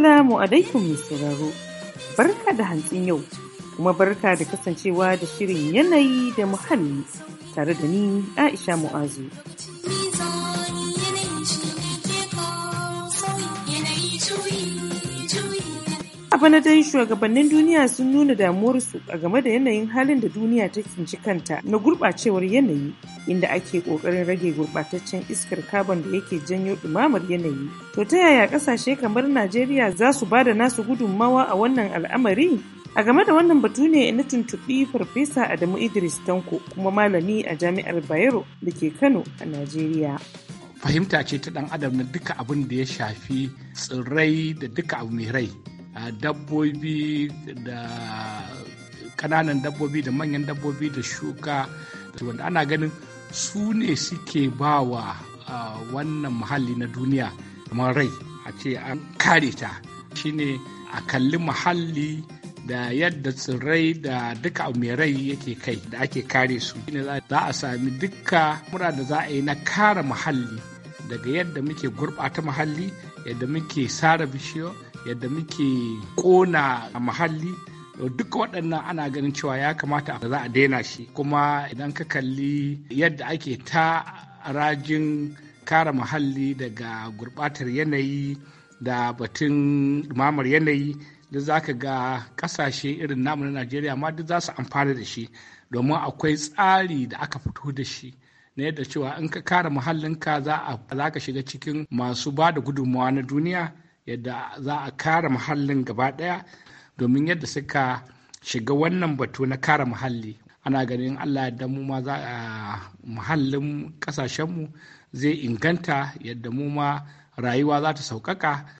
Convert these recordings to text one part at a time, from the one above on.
Assalamu alaikum mai sauraro. Barka da hantsin yau, kuma barka da kasancewa da shirin yanayi da muhalli tare da ni Aisha Mu'azu. bana dai shugabannin duniya sun nuna damuwarsu a game da yanayin halin da duniya ta tsinci kanta na gurɓacewar yanayi inda ake ƙoƙarin rage gurɓataccen iskar carbon da yake janyo ɗumamar yanayi. To ta yaya ƙasashe kamar Najeriya za su ba da nasu gudunmawa a wannan al'amari? A game da wannan batu ne na tuntuɓi Farfesa Adamu Idris Tanko kuma malami a Jami'ar Bayero da ke Kano a Najeriya. Fahimta ce ta ɗan adam na duka abin da ya shafi tsirrai da duka abu mai rai. dabbobi da kananan dabbobi da manyan dabbobi da shuka wanda ana ganin su ne suke ba wa wannan muhalli na duniya kamar rai a ce an kare ta shine a kalli muhalli da yadda tsirrai da duka mai rai yake kai da ake kare su za a sami duka mura da za a yi na kara muhalli daga yadda muke gurɓata muhalli yadda muke sara bishiyo yadda muke kona muhalli duk waɗannan ana ganin cewa ya kamata za a daina shi kuma idan ka kalli yadda ake ta rajin kare muhalli daga gurɓatar yanayi da batun ɗumamar yanayi duk za ka ga ƙasashe irin namu na najeriya ma duk za su amfana da shi domin akwai tsari da aka fito da shi na yadda cewa in ka kare muhallinka za ka shiga cikin masu ba da gudunmawa na duniya yadda za a kare muhallin gaba ɗaya domin yadda suka shiga wannan batu na kare muhalli ana ganin allah yadda mu ma za a muhallin kasashenmu zai inganta yadda mu ma rayuwa za ta sauƙaƙa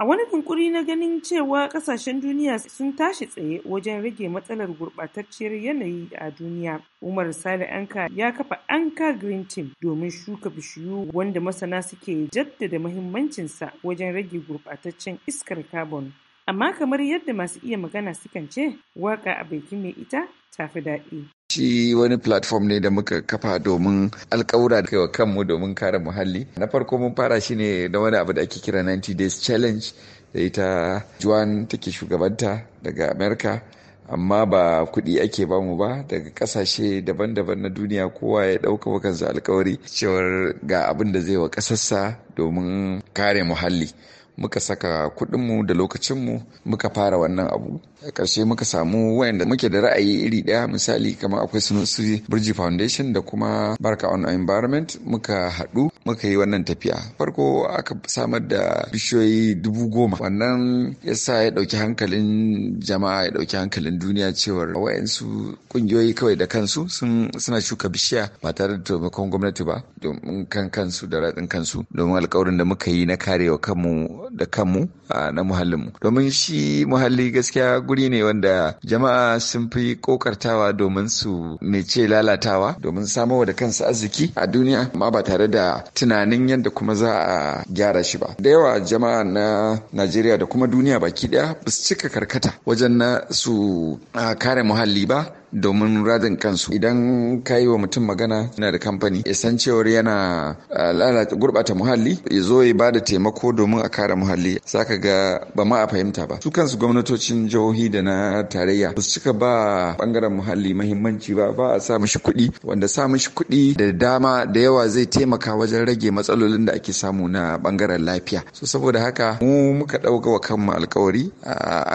A wani yunkuri na ganin cewa kasashen duniya sun tashi tsaye wajen rage matsalar gurɓatacciyar yanayi a duniya, Umar Sale Anka ya kafa Anka Green Team domin shuka bishiyu wanda masana suke jaddada mahimmancinsa wajen rage gurɓataccen iskar carbon. Amma kamar yadda masu iya magana sukan ce, waka a bakin mai ita tafi daɗi. shi wani platform ne da muka kafa domin alkawura da kaiwa kanmu domin kare muhalli na farko mun fara shi ne da wani abu da ake kira 90 days challenge da ita juan take shugabanta daga america amma ba kuɗi ake bamu ba daga ƙasashe daban-daban na duniya kowa ya ɗauka wa kansa alkawari cewar ga abin da zai wa ƙasarsa domin kare muhalli muka saka kudinmu da lokacinmu muka fara wannan abu a ƙarshe muka samu wayanda muke da ra'ayi iri ɗaya misali kamar akwai sunusi birji foundation da kuma barka on environment muka haɗu muka yi wannan tafiya farko aka samar da bishiyoyi dubu goma wannan yasa ya ɗauki hankalin jama'a ya ɗauki hankalin duniya cewar wayansu ƙungiyoyi kawai da kansu suna shuka bishiya ba tare da taimakon gwamnati ba domin kan kansu da ratsin kansu domin alkawarin da muka yi na karewa kanmu da kanmu na muhallinmu domin shi muhalli gaskiya guri ne wanda jama'a sun fi kokartawa domin su mece lalatawa domin samowa da kansu arziki a duniya amma ba tare da tunanin yadda kuma za a gyara shi ba da yawa jama'a na najeriya da kuma duniya baki daya ba su cika karkata wajen na su kare muhalli ba domin radin kansu idan ka yi wa mutum magana yana da kamfani ya san cewar yana ah, lalata gurbata muhalli ya zo ya bada taimako domin a kare muhalli saka ga ba ma a fahimta ba su kansu gwamnatocin jihohi da na tarayya ba su cika ba bangaren muhalli mahimmanci ba ba a sa mishi kuɗi wanda sa mishi kuɗi da dama da yawa zai taimaka wajen rage matsalolin da ake samu na bangaren lafiya so saboda haka mu muka ɗauka wa kanmu alkawari ah,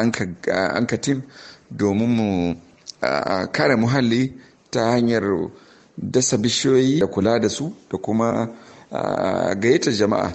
an ka tim domin mu a kare muhalli ta hanyar dasa bishiyoyi da kula da su da kuma gayyata jama'a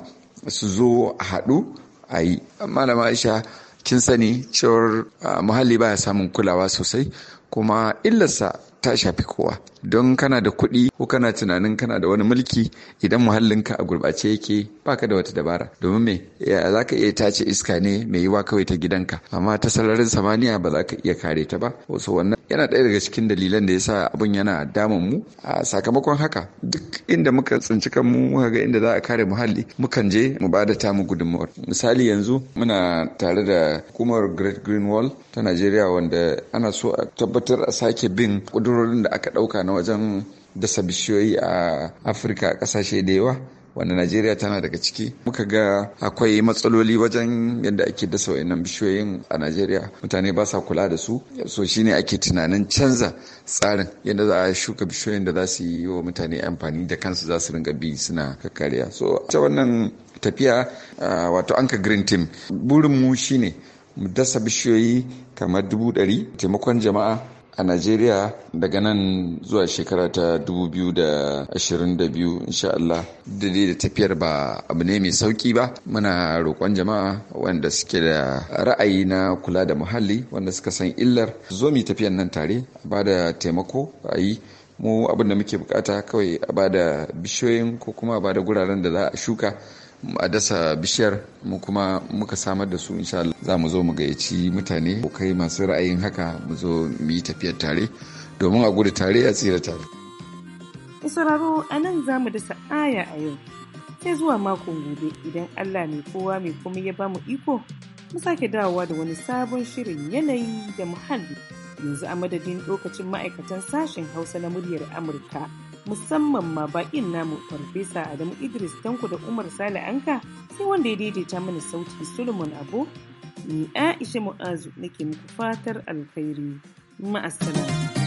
su zo a haɗu a yi malama aisha kin sani cewar muhalli baya samun kulawa sosai kuma illarsa ta shafi kowa don kana da kuɗi ko kana tunanin kana da wani mulki idan muhallinka a gurɓace yake baka da wata dabara domin me za ka iya tace iska ne mai yiwa kawai ta gidanka amma ta sararin samaniya ba za ka iya kare ta ba wasu wannan yana ɗaya daga cikin dalilan da sa abun yana damun mu a sakamakon haka duk inda muka tsinci kanmu muka ga inda za a kare muhalli mukan je mu ba da tamu gudunmawar misali yanzu muna tare da hukumar great green wall ta najeriya wanda ana so a tabbatar a sake bin kudurorin da aka ɗauka na wajen dasa bishiyoyi a afirka kasashe da yawa wanda najeriya tana daga ciki muka ga akwai matsaloli wajen yadda ake dasa wayannan bishiyoyin a najeriya mutane ba sa kula da su so shine ake tunanin canza tsarin yadda za a shuka bishiyoyin da za su yi wa mutane amfani da kansu za su ringa bi suna kakkarya so ta wannan tafiya wato anka green team burin mu shine mu dasa bishiyoyi kamar dubu ɗari taimakon jama'a a Najeriya daga nan zuwa shekara ta 2022 insha Allah dade da tafiyar ba abu ne mai sauki ba muna roƙon jama'a wanda suke da ra'ayi na kula da muhalli wanda suka san illar zo mu tafiyan nan tare ba da taimako a yi mu abin da muke bukata kawai a ba da bishiyoyin ko kuma a ba da guraren da za a shuka a dasa bishiyar mu kuma muka samar da su insha Allah za mu zo mu gayyaci mutane ko kai masu ra'ayin haka mu zo mu yi tafiyar tare domin a gudu tare a tsira tare. Sauraro a nan za mu dasa aya a yau sai zuwa makon gobe idan Allah mai kowa mai komai ya bamu iko mu sake dawowa da wani sabon shirin yanayi da muhalli yanzu a madadin lokacin ma'aikatan sashen Hausa na muryar Amurka. musamman ma bakin namu farfesa Adamu Idris Tanko da Umar Sale Anka sai wanda ya daidaita mana sauti Solomon Abu ni Aisha Mu'azu nake muku fatar alkhairi ma'assalam